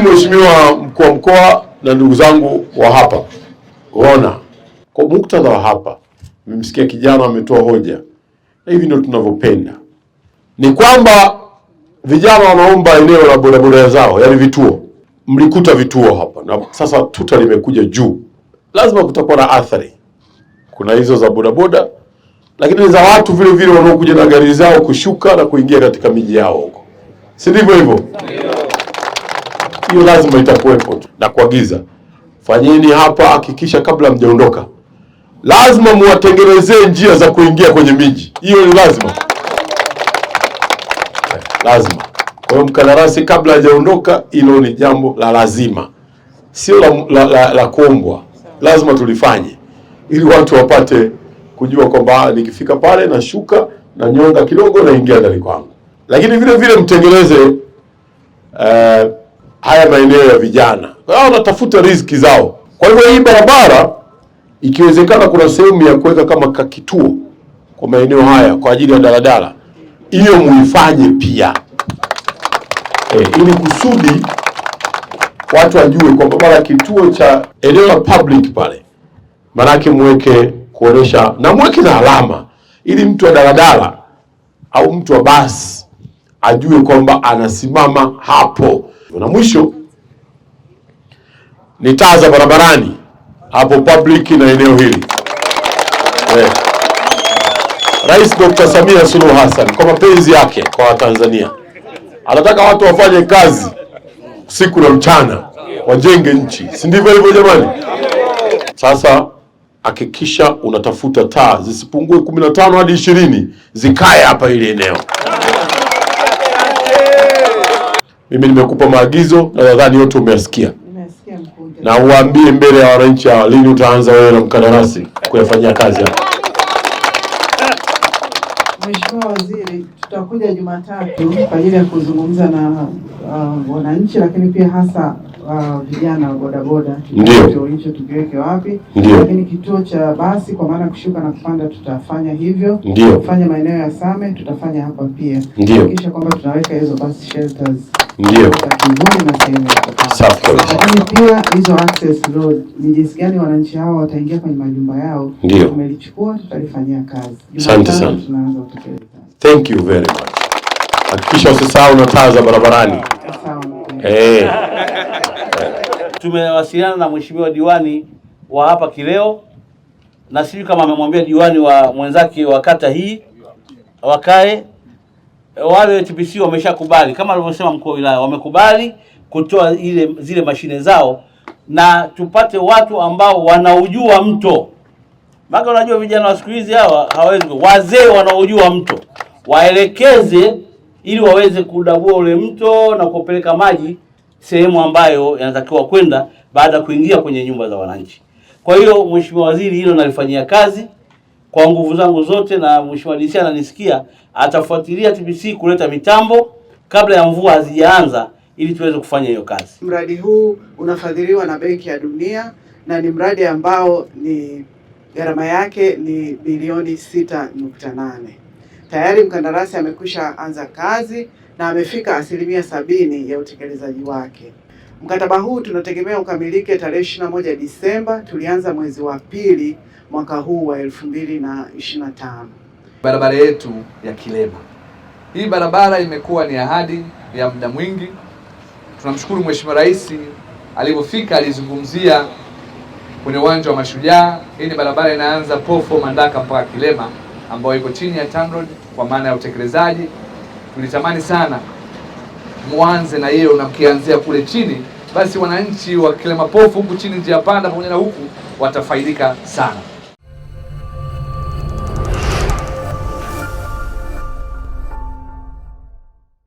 Mheshimiwa mkuu wa mkoa na ndugu zangu wa hapa ona, kwa muktadha wa hapa, mmesikia kijana ametoa hoja, na hivi ndio tunavyopenda, ni kwamba vijana wanaomba eneo la bodaboda zao, yani vituo. Mlikuta vituo hapa na sasa tuta limekuja juu, lazima kutakuwa na athari. Kuna hizo za bodaboda, lakini za watu vile vile wanaokuja na gari zao kushuka na kuingia katika miji yao huko, si ndivyo hivyo? hiyo lazima itakuwepo tu, na kuagiza fanyeni hapa, hakikisha kabla mjaondoka, lazima muwatengenezee njia za kuingia kwenye miji hiyo, ni lazima eh, lazima. Kwa hiyo mkandarasi kabla hajaondoka, hilo ni jambo la lazima, sio la, la, la, la kuombwa, lazima tulifanye ili watu wapate kujua kwamba ah, nikifika pale nashuka na nyonga kidogo naingia ndani kwangu, lakini vile vile mtengeneze uh, haya maeneo ya vijana, kwa hiyo wanatafuta riziki zao. Kwa hivyo hii barabara ikiwezekana, kuna sehemu ya kuweka kama kakituo kwa maeneo haya kwa ajili ya daladala, hiyo muifanye pia eh, ili kusudi watu wajue kwamba mara kituo cha eneo la public pale, maanake muweke kuonesha na muweke na alama, ili mtu wa daladala au mtu wa basi ajue kwamba anasimama hapo. Na mwisho ni taa za barabarani hapo public na eneo hili yeah. Rais Dr. Samia Suluhu Hassan kwa mapenzi yake kwa Watanzania anataka watu wafanye kazi usiku na mchana, wajenge nchi, si ndivyo hivyo jamani? Sasa hakikisha unatafuta taa zisipungue kumi na tano hadi ishirini zikae hapa hili eneo. Mimi nimekupa maagizo na nadhani yote umeyasikia, na uambie mbele ya wananchi hawa lini utaanza wewe na mkandarasi kuyafanyia kazi hapa. Mheshimiwa Waziri, tutakuja Jumatatu kwa ajili ya kuzungumza na uh, wananchi lakini pia hasa uh, vijana wa bodaboda ndio hicho tukiweke wapi, lakini kituo cha basi kwa maana kushuka na kupanda tutafanya hivyo, ndio kufanya maeneo ya Same tutafanya hapa pia, ndio kisha kwamba tunaweka hizo basi shelters ndio lakini pia hizo access road ni jinsi gani wananchi hao wataingia kwenye majumba yao? Ndio tumelichukua, tutalifanyia kazi. Asante sana, thank you very much. Hakikisha usisahau na taa za barabarani. Eh, tumewasiliana na mheshimiwa diwani wa hapa Kileo, na sijui kama amemwambia diwani wa mwenzake wa kata hii wakae Eh, wale TPC wameshakubali kama alivyosema mkuu wa wilaya, wamekubali kutoa ile zile mashine zao na tupate watu ambao wanaujua mto. maka. unajua vijana wa siku hizi hawa hawawezi, wazee wanaojua mto waelekeze, ili waweze kudabua ule mto na kupeleka maji sehemu ambayo yanatakiwa kwenda, baada ya kuingia kwenye nyumba za wananchi. Kwa hiyo Mheshimiwa Waziri, hilo nalifanyia kazi kwa nguvu zangu zote, na mheshimiwa DC ananisikia, atafuatilia TBC kuleta mitambo kabla ya mvua hazijaanza ili tuweze kufanya hiyo kazi. Mradi huu unafadhiliwa na Benki ya Dunia na ni mradi ambao ni gharama yake ni bilioni 6.8. Tayari mkandarasi amekwisha anza kazi na amefika asilimia sabini ya utekelezaji wake. Mkataba huu tunategemea ukamilike tarehe moja Disemba, tulianza mwezi wa pili mwaka huu wa 2025. Barabara yetu ya Kilema. Hii barabara imekuwa ni ahadi ya muda mwingi. Tunamshukuru Mheshimiwa Rais alivyofika alizungumzia kwenye uwanja wa Mashujaa. Hii ni barabara inaanza Pofo Mandaka mpaka Kilema ambayo iko chini ya TANROADS kwa maana ya utekelezaji. Tulitamani sana muanze na hiyo na mkianzia kule chini basi wananchi wa Kilemapofu huku chini njia panda pamoja na huku watafaidika sana.